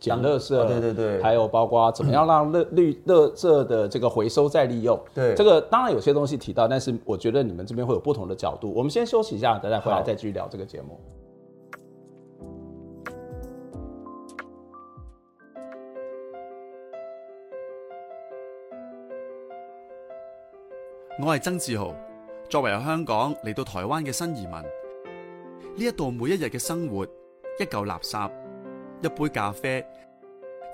講垃圾，嗯哦，對對對，還有包括怎麼樣讓垃圾的這個回收再利用，對，這個當然有些東西提到，但是我覺得你們這邊會有不同的角度。我們先休息一下，等下再回來再繼續聊這個節目。我係曾志豪，作為香港嚟到台灣嘅新移民，呢一度每一日嘅生活一嚿垃圾。一杯咖啡，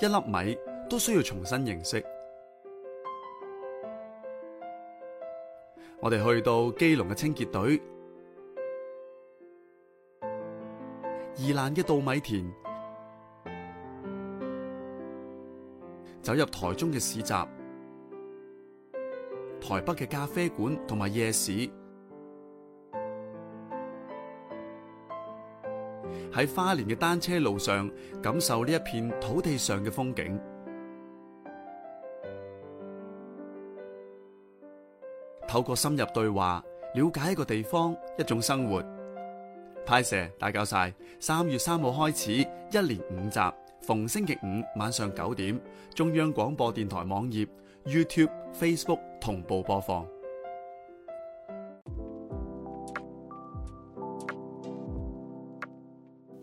一粒米，都需要重新認識。我哋去到基隆嘅清潔隊，宜蘭嘅稻米田，走入台中嘅市集，台北嘅咖啡館同埋夜市。喺花蓮嘅單車路上，感受呢一片土地上嘅風景。透過深入對話，了解一個地方，一種生活。歹勢打攪晒，三月三號開始，一連五集，逢星期五晚上九點，中央廣播電台網頁、YouTube、Facebook 同步播放。